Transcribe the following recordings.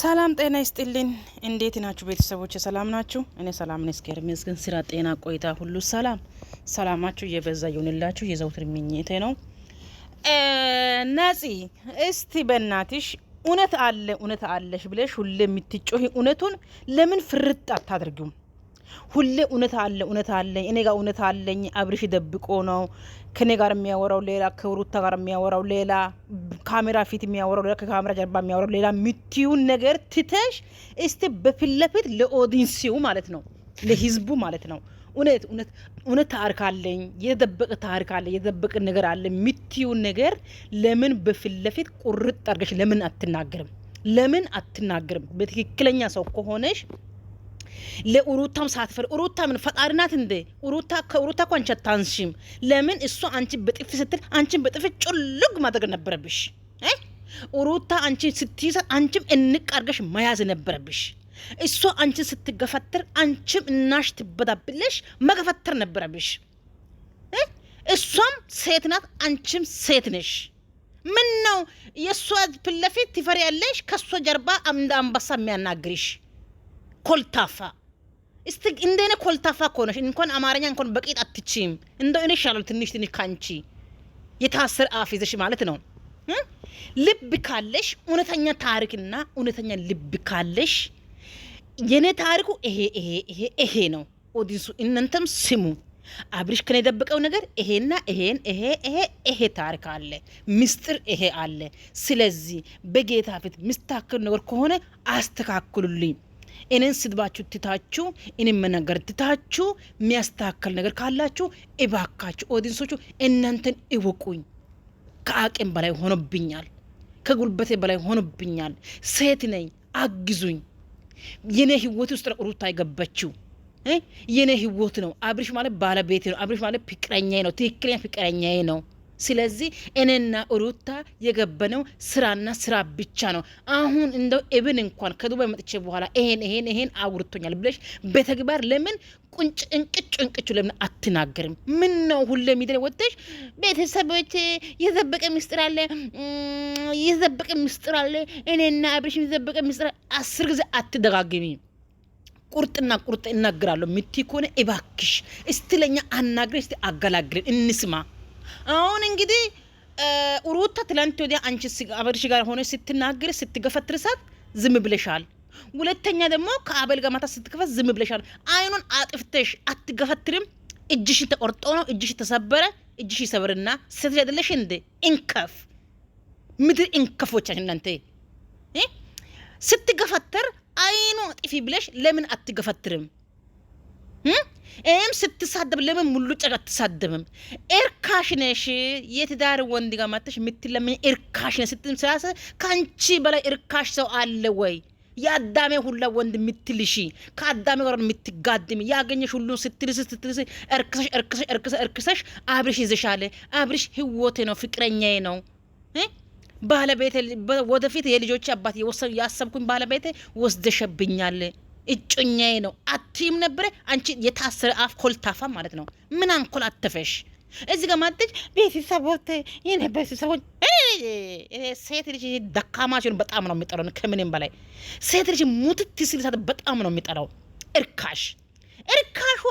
ሰላም ጤና ይስጥልኝ። እንዴት ናችሁ ቤተሰቦች? ሰላም ናችሁ? እኔ ሰላም ነኝ፣ እስከ ይመስገን። ስራ፣ ጤና፣ ቆይታ ሁሉ ሰላም። ሰላማችሁ የበዛ ይሁንላችሁ የዘውትር ምኞቴ ነው። ነፂ፣ እስቲ በእናትሽ እውነት አለ እውነት አለሽ ብለሽ ሁሌ የምትጮሂ እውነቱን ለምን ፍርጥ አታደርጊውም? ሁሌ እውነት አለ እውነት አለኝ እኔ ጋር እውነት አለኝ። አብርሽ ደብቆ ነው ከኔ ጋር የሚያወራው ሌላ፣ ከሩታ ጋር የሚያወራው ሌላ፣ ካሜራ ፊት የሚያወራው ሌላ፣ ከካሜራ ጀርባ የሚያወራው ሌላ። ምትዩን ነገር ትተሽ እስቲ በፊት ለፊት ለኦዲንሲው ማለት ነው ለህዝቡ ማለት ነው እውነት እውነት እውነት ታሪክ አለኝ የተደበቀ ታሪክ አለ የተደበቀ ነገር አለ የምትዩን ነገር ለምን በፊት ለፊት ቁርጥ አድርገሽ ለምን አትናገርም? ለምን አትናገርም? በትክክለኛ ሰው ከሆነሽ ለኡሩታም ሳትፈር ኡሩታ ምን ፈጣሪ ናት እንዴ? ኡሩታ ከኡሩታ እኮ አንቺ አታንሽም። ለምን እሱ አንቺ በጥፊ ስትል አንቺን በጥፊ ጭልግ ማድረግ ነበረብሽ። ኡሩታ አንቺ ስትይዛ አንቺም እንቅ አድርገሽ መያዝ ነበረብሽ። እሷ አንቺን ስትገፈትር አንቺም እናሽ ትበዳብለሽ መገፈትር ነበረብሽ። እሷም ሴት ናት፣ አንቺም ሴት ነሽ። ምን ነው የእሷ ፊት ለፊት ትፈሪያለሽ፣ ከእሷ ጀርባ እንደ አንበሳ የሚያናግርሽ ኮልታፋ እስቲ እንደኔ ኮልታፋ ነሽ። እንኳን አማርኛ እንኳን በቂጥ አትችም። እንደው እኔ ይሻላል ትንሽ ትንሽ ካንቺ የታስር አፍ ይዘሽ ማለት ነው። ልብ ካለሽ እውነተኛ ታሪክና እውነተኛ ልብ ካለሽ የኔ ታሪኩ ይሄ ይሄ ይሄ ይሄ ነው። ኦዲንሱ እናንተም ስሙ። አብሪሽ ከኔ የደበቀው ነገር ይሄና ይሄን ይሄ ይሄ ይሄ ታሪክ አለ፣ ምስጢር ይሄ አለ። ስለዚህ በጌታ ፊት ምስታክል ነገር ከሆነ አስተካክሉልኝ። እኔን ስድባችሁ ትታችሁ እኔን መናገር ትታችሁ የሚያስተካከል ነገር ካላችሁ እባካችሁ ኦዲንሶቹ እናንተን እወቁኝ። ከአቅም በላይ ሆኖብኛል። ከጉልበቴ በላይ ሆኖብኛል። ሴት ነኝ፣ አግዙኝ። የኔ ህይወት ውስጥ ሩታ አይገባችው የኔ ህይወት ነው። አብሪሽ ማለት ባለቤቴ ነው። አብሪሽ ማለት ፍቅረኛዬ ነው። ትክክለኛ ፍቅረኛዬ ነው። ስለዚህ እኔና ሩታ የገበነው ስራና ስራ ብቻ ነው። አሁን እንደው እብን እንኳን ከዱባይ መጥቼ በኋላ ይሄን ይሄን ይሄን አውርቶኛል ብለሽ በተግባር ለምን ቁንጭ እንቅጭ እንቅጭ ለምን አትናገርም? ምን ነው ሁሌ ሚዲያ ወጥተሽ ቤተሰቦች የዘበቀ ሚስጥር አለ፣ የዘበቀ ሚስጥር አለ፣ እኔና አብርሽ የዘበቀ ሚስጥር አስር ጊዜ አትደጋግሚ። ቁርጥና ቁርጥ እናገራለሁ ምትኮነ እባክሽ እስቲ ለኛ አናግረሽ አገላግልን እንስማ። አሁን እንግዲህ ሩታ ትላንት ወዲያ አንቺ አብርሽ ጋር ሆነ ስትናገር ስትገፈትርሳት ዝም ብለሻል። ሁለተኛ ደግሞ ከአበል ጋር ማታ ስትከፈት ዝም ብለሻል። አይኑን አጥፍተሽ አትገፈትርም። እጅሽን ተቆርጦ ነው እጅሽ ተሰበረ። እጅሽ ይሰብርና ሴት እንዴ? እንከፍ ምድር እንከፎቻች እናንተ አይኑ አጥፊ ብለሽ ለምን አትገፈትርም? እኔም ስትሳደብ ለምን ሙሉ ጨቅ አትሳደብም? እርካሽ ነሽ። የትዳር ወንድ ጋር ማተሽ የምትለምን እርካሽ ነሽ ስትም ስላሰ ከአንቺ በላይ እርካሽ ሰው አለ ወይ? የአዳሜ ሁላ ወንድ የምትልሽ ከአዳሜ ጋር የምትጋድም ያገኘሽ ሁሉ ስትልስ ስትልስ እርክሰሽ እርክሰሽ እርክሰ እርክሰሽ አብርሽ ይዘሻለ። አብርሽ ህይወቴ ነው ፍቅረኛዬ ነው ባለቤቴ፣ ወደፊት የልጆች አባት ያሰብኩኝ ባለቤቴ ወስደሸብኛል። እጮኛዬ ነው አትይም ነበረ። አንቺ የታሰረ አፍ ኮልታፋ ማለት ነው። ምን አንኮል አንኮላተፈሽ እዚህ ጋር ማጥጭ ቤተሰቦች የነበሱ ሰዎች ሴት ልጅ ደካማ ሲሆን በጣም ነው የሚጠላው። ከምንም በላይ ሴት ልጅ ሙትት ሲልሳት በጣም ነው የሚጠላው። እርካሽ እርካሿ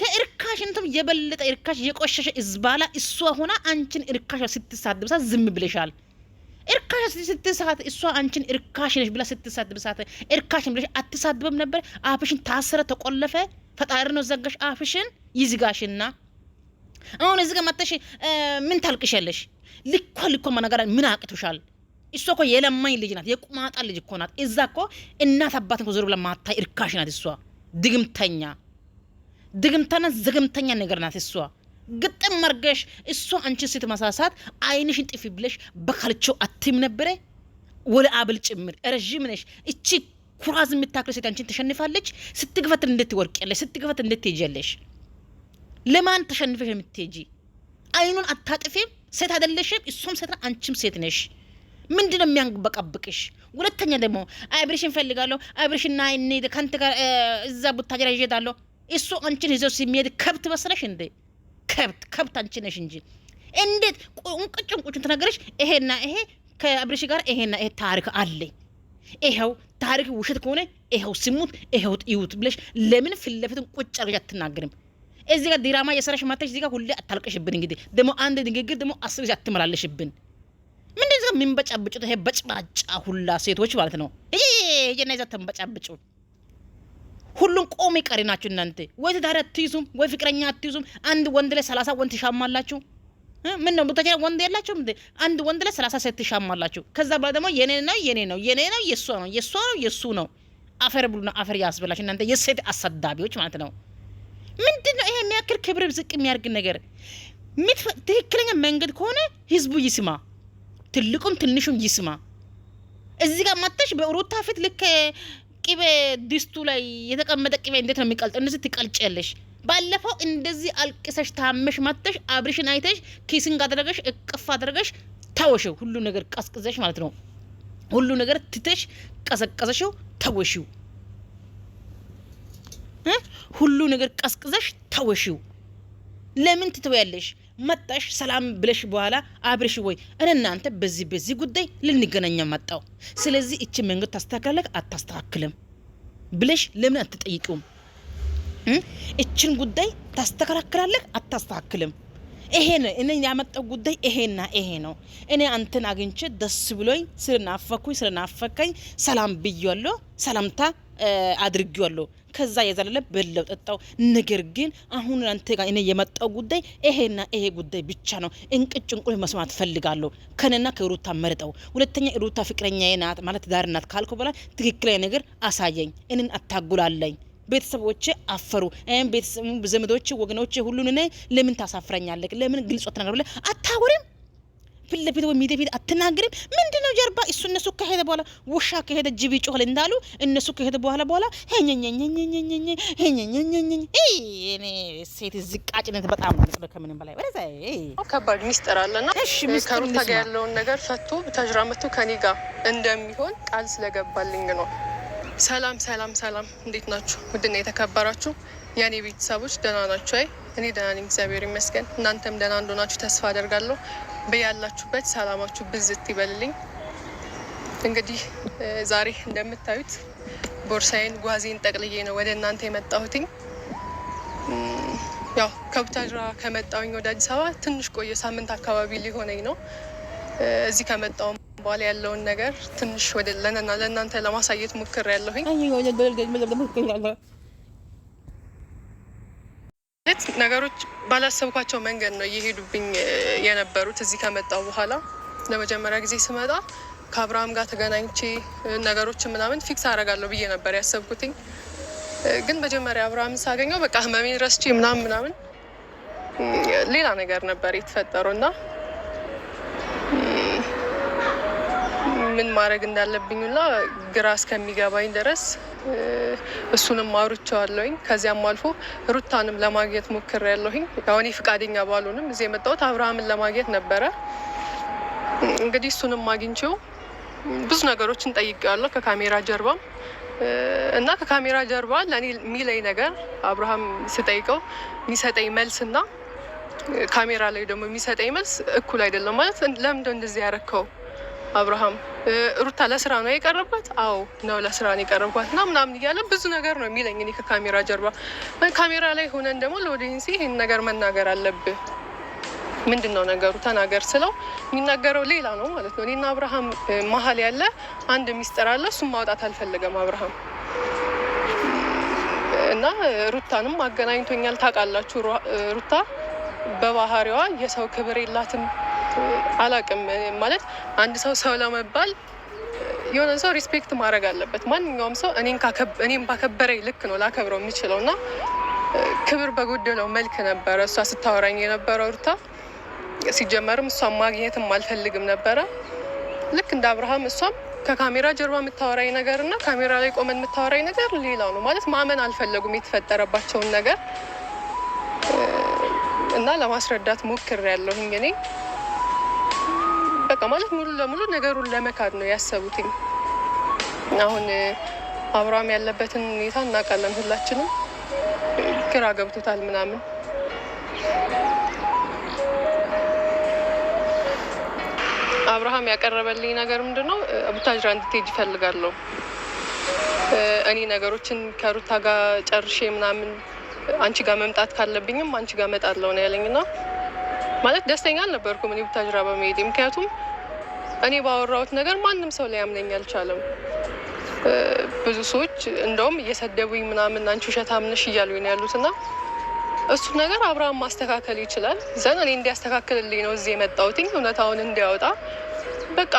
ከእርካሽ እንቶም የበለጠ እርካሽ የቆሸሸ እዝባላ እሷ ሆና አንቺን እርካሽ ስትሳድብሳት ዝም ብለሻል። ስትሳት እሷ አንቺን እርካሽ ነሽ ብላ ስትሳደብ ሳት እርካሽ ብለሽ አትሳድበም ነበር። አፍሽን ታስረ ተቆለፈ። ፈጣሪ ነው ዘጋሽ አፍሽን ይዝጋሽና አሁን እዚህ ጋር መጥተሽ ምን ታልቅሻለሽ? ልኮ ልኮ መናገር ምን አቅቶሻል? እሷ እኮ የለማኝ ልጅ ናት፣ የቁማጣ ልጅ እኮ ናት። እዛ እኮ እናት አባት እኮ ዞር ብላ ማታ እርካሽ ናት እሷ። ድግምተኛ ድግምተና ዘግምተኛ ነገር ናት እሷ። ግጥም መርገሽ እሷ አንቺን ስትመሳሳት አይንሽን ጥፊ ብለሽ በካልቾ አትም ነበረ ወለ አብል ጭምር ረዥም ነሽ። እቺ ኩራዝ የምታክል ሴት አንቺን ተሸንፋለች። ስትግፈት እንድትወርቅለሽ፣ ስትግፈት እንድትሄጃለሽ። ለማን ተሸንፈሽ የምትሄጂ? አይኑን አታጥፊም። ሴት አይደለሽም። እሱም ሴት አንቺም ሴት ነሽ። ምንድን ነው የሚያንበቀብቅሽ? ሁለተኛ ደግሞ አብሬሽን ፈልጋለሁ፣ አብሬሽን ና እንሂድ፣ ከአንተ ጋር እዛ ቡታጀራ ይሄዳለሁ። እሱ አንቺን ይዘው የሚሄድ ከብት መሰለሽ እንዴ? ከብት ከብት አንቺ ነሽ እንጂ እንዴት ቁንቁጭ ቁንቁጭ ትነገረሽ? ይሄና ይሄ ከአብርሽ ጋር ይሄና ይሄ ታሪክ አለኝ። ይኸው ታሪክ ውሸት ከሆነ ይኸው ስሙት፣ ይኸው ጥዩት ብለሽ ለምን ፊት ለፊትን ቁጭ አርገሽ አትናገርም? እዚህ ጋር ዲራማ የሰራሽ ማተሽ እዚህ ጋር ሁሌ አታልቀሽብን። እንግዲህ ደግሞ አንድ ንግግር ደግሞ አስር ጊዜ አትመላለሽብን። ምንድን ነው የምንበጫብጩት? ይሄ በጭባጫ ሁላ ሴቶች ማለት ነው። ይሄ የነዛ ተንበጫብጩት ቆሜ ቀሪ ናችሁ እናንተ። ወይ ትዳር አትይዙም፣ ወይ ፍቅረኛ አትይዙም። አንድ ወንድ ላይ ሰላሳ ወንድ ትሻማላችሁ። ምን ነው ብታቻ ወንድ የላችሁም እንዴ? አንድ ወንድ ላይ ሰላሳ ሴት ትሻማላችሁ። ከዛ በኋላ ደግሞ የኔ ነው የኔ ነው የኔ ነው የእሷ ነው የእሷ ነው የእሱ ነው። አፈር ብሉና አፈር ያስብላችሁ እናንተ የሴት አሳዳቢዎች ማለት ነው። ምንድን ነው ይሄ የሚያክል ክብር ዝቅ የሚያደርግ ነገር? ትክክለኛ መንገድ ከሆነ ህዝቡ ይስማ፣ ትልቁም ትንሹም ይስማ። እዚህ ጋር መጥተሽ በሩታ ፊት ልክ ቅቤ ድስቱ ላይ የተቀመጠ ቅቤ እንዴት ነው የሚቀልጠው? እንደዚህ ትቀልጭያለሽ። ባለፈው እንደዚህ አልቅሰሽ ታመሽ ማተሽ አብርሽን አይተሽ ኪስን አደረገሽ፣ እቅፍ አደረገሽ፣ ተወሽው። ሁሉ ነገር ቀስቅዘሽ ማለት ነው። ሁሉ ነገር ትተሽ ቀሰቀሰሽው፣ ተወሽው። ሁሉ ነገር ቀስቅዘሽ ተወሽው። ለምን ትተወያለሽ? መጣሽ ሰላም ብለሽ በኋላ አብርሽ ወይ እኔ እናንተ በዚህ በዚህ ጉዳይ ልንገናኝ መጣው፣ ስለዚህ እቺ መንገድ ታስተካክላለህ አታስተካክልም ብለሽ ለምን አትጠይቁም እችን ጉዳይ ታስተካክላለህ አታስተካክልም? ይሄ ነው እኔ ያመጣው ጉዳይ ይሄና ይሄ ነው። እኔ አንተን አግኝቼ ደስ ብሎኝ ስለናፈኩኝ ስለናፈከኝ ሰላም ብያለሁ፣ ሰላምታ አድርጌዋለሁ። ከዛ የዘለለ በለው ጠጣው። ነገር ግን አሁን አንተ ጋር እኔ የመጣው ጉዳይ ይሄና ይሄ ጉዳይ ብቻ ነው። እንቅጭ እንቁ መስማት ፈልጋለሁ። ከነና ከሩታ መርጠው ሁለተኛ ሩታ ፍቅረኛ ናት ማለት ዳር ናት ካልኩ በላ ትክክለኛ ነገር አሳየኝ። እንን አታጉላለኝ። ቤተሰቦቼ አፈሩ። ቤተሰቡ ዘመዶቼ፣ ወገኖች ሁሉን ለምን ታሳፍረኛለህ? ለምን ግልጾት ነገር ብለህ አታወሪም? ፊት ለፊት ወይ ሚዲያ ፊት አትናገርም። ምንድነው ጀርባ እሱ እነሱ ከሄደ በኋላ ውሻ ከሄደ ጅብ ይጮሃል እንዳሉ እነሱ ከሄደ በኋላ በኋላ ሴት ዝቃጭነት በጣም ነው ከምንም በላይ ወደዛ ከባድ ሚስጥር አለና ከሩታ ጋር ያለውን ነገር ፈቶ ተጅራመቶ ከኔ ጋር እንደሚሆን ቃል ስለገባልኝ ነው። ሰላም ሰላም ሰላም፣ እንዴት ናችሁ? ውድና የተከበራችሁ የኔ ቤተሰቦች ደህና ናችሁ? አይ እኔ ደህና ነኝ፣ እግዚአብሔር ይመስገን። እናንተም ደህና እንደሆናችሁ ተስፋ አደርጋለሁ። በያላችሁበት ሰላማችሁ ብዝት ይበልልኝ። እንግዲህ ዛሬ እንደምታዩት ቦርሳዬን ጓዜን ጠቅልዬ ነው ወደ እናንተ የመጣሁትኝ። ያው ከቡታጅራ ከመጣውኝ ወደ አዲስ አበባ ትንሽ ቆየ፣ ሳምንት አካባቢ ሊሆነኝ ነው። እዚህ ከመጣው በኋላ ያለውን ነገር ትንሽ ወደ ለእናንተ ለማሳየት ሞክሬ ያለሁኝ። ነገሮች ባላሰብኳቸው መንገድ ነው እየሄዱብኝ የነበሩት። እዚህ ከመጣው በኋላ ለመጀመሪያ ጊዜ ስመጣ ከአብርሃም ጋር ተገናኝቼ ነገሮችን ምናምን ፊክስ አደርጋለሁ ብዬ ነበር ያሰብኩትኝ። ግን መጀመሪያ አብርሃምን ሳገኘው በቃ ህመሜን ረስቼ ምናምን ምናምን ሌላ ነገር ነበር የተፈጠረው እና ምን ማድረግ እንዳለብኝ ሁላ ግራ እስከሚገባኝ ድረስ እሱንም አውርቼዋለሁኝ። ከዚያም አልፎ ሩታንም ለማግኘት ሞክሬያለሁኝ። ያው እኔ ፍቃደኛ ባልሆንም እዚህ የመጣሁት አብርሃምን ለማግኘት ነበረ። እንግዲህ እሱንም አግኝቼው ብዙ ነገሮችን ጠይቄዋለሁ ከካሜራ ጀርባም እና ከካሜራ ጀርባ ለእኔ የሚለኝ ነገር አብርሃም ስጠይቀው የሚሰጠኝ መልስ እና ካሜራ ላይ ደግሞ የሚሰጠኝ መልስ እኩል አይደለም። ማለት ለምንድነው እንደዚህ ያረከው አብርሃም ሩታ ለስራ ነው የቀረባት? አዎ ነው ለስራ ነው የቀረባት ና ምናምን እያለ ብዙ ነገር ነው የሚለኝ እኔ ከካሜራ ጀርባ። ካሜራ ላይ ሆነን ደግሞ ለኦዲየንስ ይህን ነገር መናገር አለብህ፣ ምንድን ነው ነገሩ ተናገር ስለው የሚናገረው ሌላ ነው ማለት ነው። እኔና አብርሃም መሀል ያለ አንድ ሚስጥር አለ፣ እሱም ማውጣት አልፈለገም አብርሃም እና ሩታንም አገናኝቶኛል። ታውቃላችሁ ሩታ በባህሪዋ የሰው ክብር የላትም አላቅም ማለት አንድ ሰው ሰው ለመባል የሆነ ሰው ሪስፔክት ማድረግ አለበት። ማንኛውም ሰው እኔም ባከበረኝ ልክ ነው ላከብረው የሚችለው እና ክብር በጎደለው መልክ ነበረ እሷ ስታወራኝ የነበረው ሩታ። ሲጀመርም እሷ ማግኘትም አልፈልግም ነበረ ልክ እንደ አብርሃም እሷም ከካሜራ ጀርባ የምታወራኝ ነገር እና ካሜራ ላይ ቆመን የምታወራኝ ነገር ሌላ ነው። ማለት ማመን አልፈለጉም የተፈጠረባቸውን ነገር እና ለማስረዳት ያለሁኝ እኔ በቃ ማለት ሙሉ ለሙሉ ነገሩን ለመካድ ነው ያሰቡትኝ። አሁን አብርሃም ያለበትን ሁኔታ እናውቃለን ሁላችንም። ግራ ገብቶታል ምናምን አብርሃም ያቀረበልኝ ነገር ምንድን ነው? ቡታጅራ እንድትሄጅ ይፈልጋለሁ። እኔ ነገሮችን ከሩታ ጋር ጨርሼ ምናምን አንቺ ጋር መምጣት ካለብኝም አንቺ ጋር እመጣለሁ ነው ያለኝ። እና ማለት ደስተኛ አልነበርኩም እኔ ቡታጅራ በመሄድ ምክንያቱም እኔ ባወራሁት ነገር ማንም ሰው ሊያምነኝ አልቻለም። ብዙ ሰዎች እንደውም እየሰደቡኝ ምናምን አንቺ ውሸታም ነሽ እያሉኝ ነው ያሉት እና እሱ ነገር አብርሃም ማስተካከል ይችላል ዘን እኔ እንዲያስተካክልልኝ ነው እዚህ የመጣሁትኝ እውነታውን እንዲያወጣ በቃ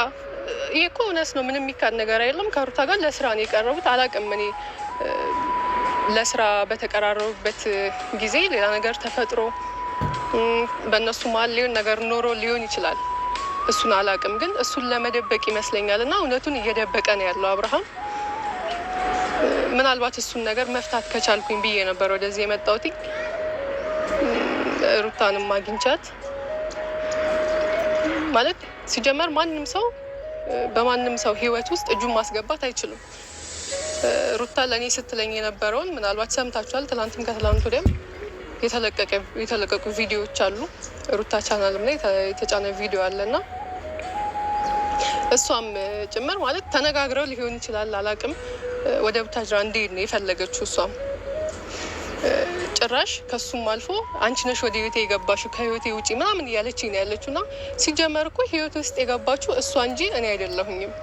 ይህ እኮ እውነት ነው። ምንም የሚካድ ነገር አይደለም። ከሩታ ጋር ለስራ ነው የቀረቡት። አላቅም እኔ ለስራ በተቀራረቡበት ጊዜ ሌላ ነገር ተፈጥሮ በእነሱ መሀል ሊሆን ነገር ኖሮ ሊሆን ይችላል። እሱን አላቅም፣ ግን እሱን ለመደበቅ ይመስለኛል እና እውነቱን እየደበቀ ነው ያለው አብርሃም። ምናልባት እሱን ነገር መፍታት ከቻልኩኝ ብዬ ነበር ወደዚህ የመጣሁት። ሩታንም ማግኝቻት ማለት ሲጀመር ማንም ሰው በማንም ሰው ህይወት ውስጥ እጁን ማስገባት አይችልም። ሩታ ለእኔ ስትለኝ የነበረውን ምናልባት ሰምታችኋል። ትናንትም ከትላንት ወዲያም የተለቀቁ ቪዲዮዎች አሉ። ሩታ ቻናልም ላይ የተጫነ ቪዲዮ አለና እሷም ጭምር ማለት ተነጋግረው ሊሆን ይችላል አላቅም። ወደ ቡታጅራ እንዲሄድ ነው የፈለገችው። እሷም ጭራሽ ከሱም አልፎ አንቺ ነሽ ወደ ህይወቴ የገባሽው ከህይወቴ ውጪ ምናምን እያለች ነው ያለችው። እና ሲጀመር እኮ ህይወት ውስጥ የገባችው እሷ እንጂ እኔ አይደለሁኝም።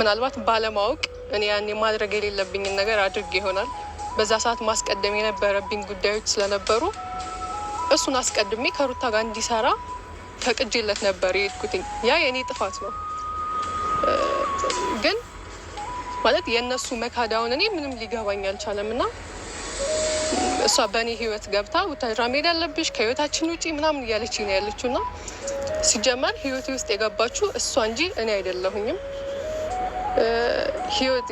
ምናልባት ባለማወቅ እኔ ያኔ ማድረግ የሌለብኝን ነገር አድርግ ይሆናል። በዛ ሰዓት ማስቀደም የነበረብኝ ጉዳዮች ስለነበሩ እሱን አስቀድሜ ከሩታ ጋር እንዲሰራ ፈቅጄለት ነበር የሄድኩትኝ። ያ የእኔ ጥፋት ነው። ግን ማለት የእነሱ መካዳውን እኔ ምንም ሊገባኝ አልቻለም። እና እሷ በእኔ ህይወት ገብታ ውታድራ መሄድ አለብሽ ከህይወታችን ውጪ ምናምን እያለች ነው ያለችው። እና ሲጀመር ህይወቴ ውስጥ የገባችው እሷ እንጂ እኔ አይደለሁኝም።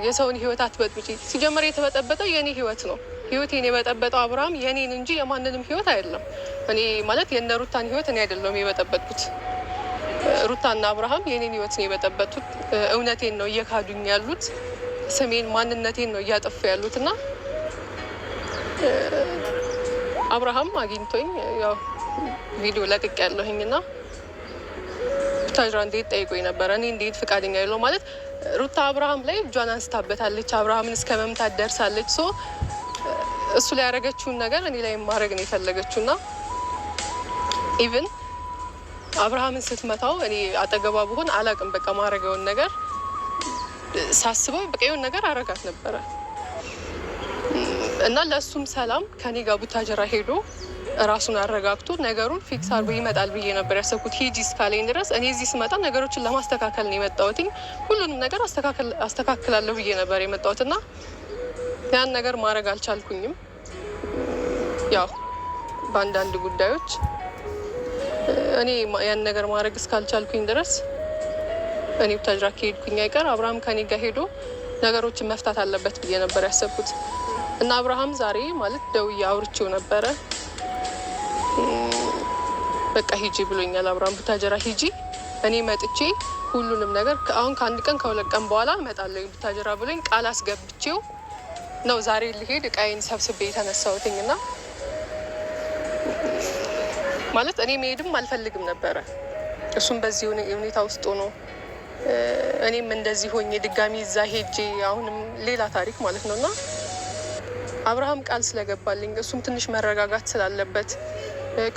የሰውን ህይወት አትበጥብጪ። ሲጀመር የተበጠበጠ የእኔ ህይወት ነው። ህይወቴን የበጠበጠው አብርሃም የእኔን እንጂ የማንንም ህይወት አይደለም። እኔ ማለት የነ ሩታን ህይወት እኔ አይደለም የበጠበጥኩት። ሩታና አብርሃም የኔን ህይወት ነው የበጠበጡት። እውነቴን ነው እየካዱኝ ያሉት፣ ስሜን ማንነቴን ነው እያጠፉ ያሉት እና አብርሃም አግኝቶኝ ያው ቪዲዮ ለቅቅ ያለሁኝ እና ሩታጅራ እንዴት ጠይቆኝ ነበረ። እኔ እንዴት ፍቃደኛ የለው ማለት ሩታ አብርሃም ላይ እጇን አንስታበታለች። አብርሃምን እስከ መምታት ደርሳለች ሶ እሱ ላይ ያደረገችውን ነገር እኔ ላይ ማድረግ ነው የፈለገችው ና ኢቭን አብርሃምን ስትመታው እኔ አጠገቧ ብሆን አላቅም። በቃ ማድረገውን ነገር ሳስበው በቃ የሆነ ነገር አረጋት ነበረ እና ለእሱም ሰላም ከኔ ጋር ቡታጀራ ሄዶ ራሱን አረጋግቶ ነገሩን ፊክስ አድርጎ ይመጣል ብዬ ነበር ያሰብኩት። ሂጂ እስካለኝ ድረስ እኔ እዚህ ስመጣ ነገሮችን ለማስተካከል ነው የመጣሁት። ሁሉንም ነገር አስተካክላለሁ ብዬ ነበር የመጣሁት እና ያን ነገር ማድረግ አልቻልኩኝም። ያው በአንዳንድ ጉዳዮች እኔ ያን ነገር ማድረግ እስካልቻልኩኝ ድረስ እኔ ቡታጅራ ከሄድኩኝ አይቀር አብርሃም ከኔ ጋር ሄዶ ነገሮችን መፍታት አለበት ብዬ ነበር ያሰብኩት እና አብርሃም ዛሬ ማለት ደውዬ አውርቼው ነበረ። በቃ ሂጂ ብሎኛል አብርሃም ቡታጀራ ሂጂ፣ እኔ መጥቼ ሁሉንም ነገር አሁን ከአንድ ቀን ከሁለት ቀን በኋላ እመጣለሁ ብታጀራ ብሎኝ ቃል አስገብቼው ነው ዛሬ ልሄድ እቃዬን ሰብስቤ የተነሳሁትኝ እና ማለት እኔ መሄድም አልፈልግም ነበረ። እሱም በዚህ ሁኔታ ውስጥ ሆኖ እኔም እንደዚህ ሆኜ ድጋሚ እዛ ሄጄ አሁንም ሌላ ታሪክ ማለት ነው እና አብርሃም ቃል ስለገባልኝ እሱም ትንሽ መረጋጋት ስላለበት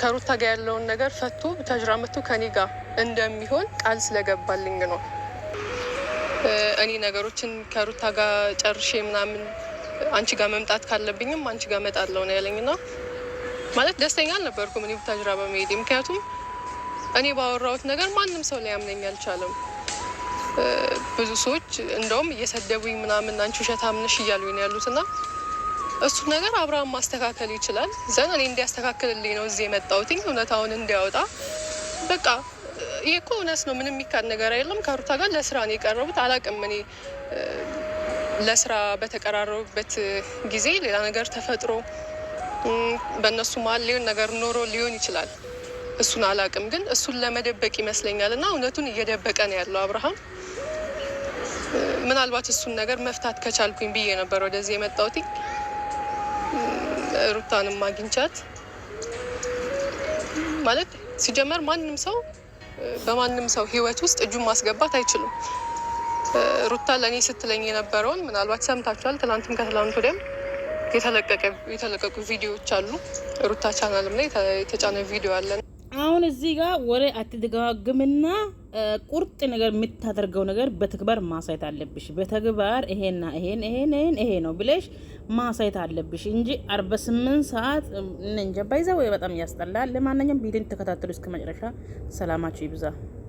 ከሩታ ጋር ያለውን ነገር ፈቶ ተጅራመቱ ከኔ ጋር እንደሚሆን ቃል ስለገባልኝ ነው። እኔ ነገሮችን ከሩታ ጋር ጨርሼ ምናምን አንቺ ጋር መምጣት ካለብኝም አንቺ ጋር እመጣለሁ ነው ያለኝ ና ማለት ደስተኛ አልነበርኩም እኔ ቡታጅራ በመሄድ ምክንያቱም እኔ ባወራሁት ነገር ማንም ሰው ሊያምነኝ አልቻለም። ብዙ ሰዎች እንደውም እየሰደቡኝ ምናምን አንቺ ውሸታም ነሽ እያሉኝ ነው ያሉት እና እሱ ነገር አብርሃም ማስተካከል ይችላል ዘን እኔ እንዲያስተካክልልኝ ነው እዚህ የመጣሁትኝ እውነታውን እንዲያወጣ በቃ ይሄ እኮ እውነት ነው። ምንም የሚካድ ነገር አይደለም። ከሩታ ጋር ለስራ ነው የቀረቡት። አላቅም እኔ ለስራ በተቀራረቡበት ጊዜ ሌላ ነገር ተፈጥሮ በእነሱ መሀል ሊሆን ነገር ኖሮ ሊሆን ይችላል። እሱን አላቅም፣ ግን እሱን ለመደበቅ ይመስለኛል እና እውነቱን እየደበቀ ነው ያለው አብርሃም። ምናልባት እሱን ነገር መፍታት ከቻልኩኝ ብዬ ነበር ወደዚህ የመጣሁት። ሩታንም አግኝቻት ማለት ሲጀመር ማንም ሰው በማንም ሰው ህይወት ውስጥ እጁን ማስገባት አይችሉም። ሩታ ለእኔ ስትለኝ የነበረውን ምናልባት ሰምታችኋል። ትናንትም ከትላንቱ ደም? የተለቀቁ ቪዲዮዎች አሉ። ሩታ ቻናልም ላይ የተጫነ ቪዲዮ አለን። አሁን እዚህ ጋር ወሬ አትደጋግምና ቁርጥ ነገር የምታደርገው ነገር በተግባር ማሳየት አለብሽ። በተግባር ይሄና ይሄን ይሄን ይሄን ይሄ ነው ብለሽ ማሳየት አለብሽ እንጂ አርባ ስምንት ሰዓት እንጀባ ይዛ ወይ በጣም ያስጠላል። ለማንኛውም ቪዲዮን ተከታተሉ እስከ መጨረሻ። ሰላማችሁ ይብዛ።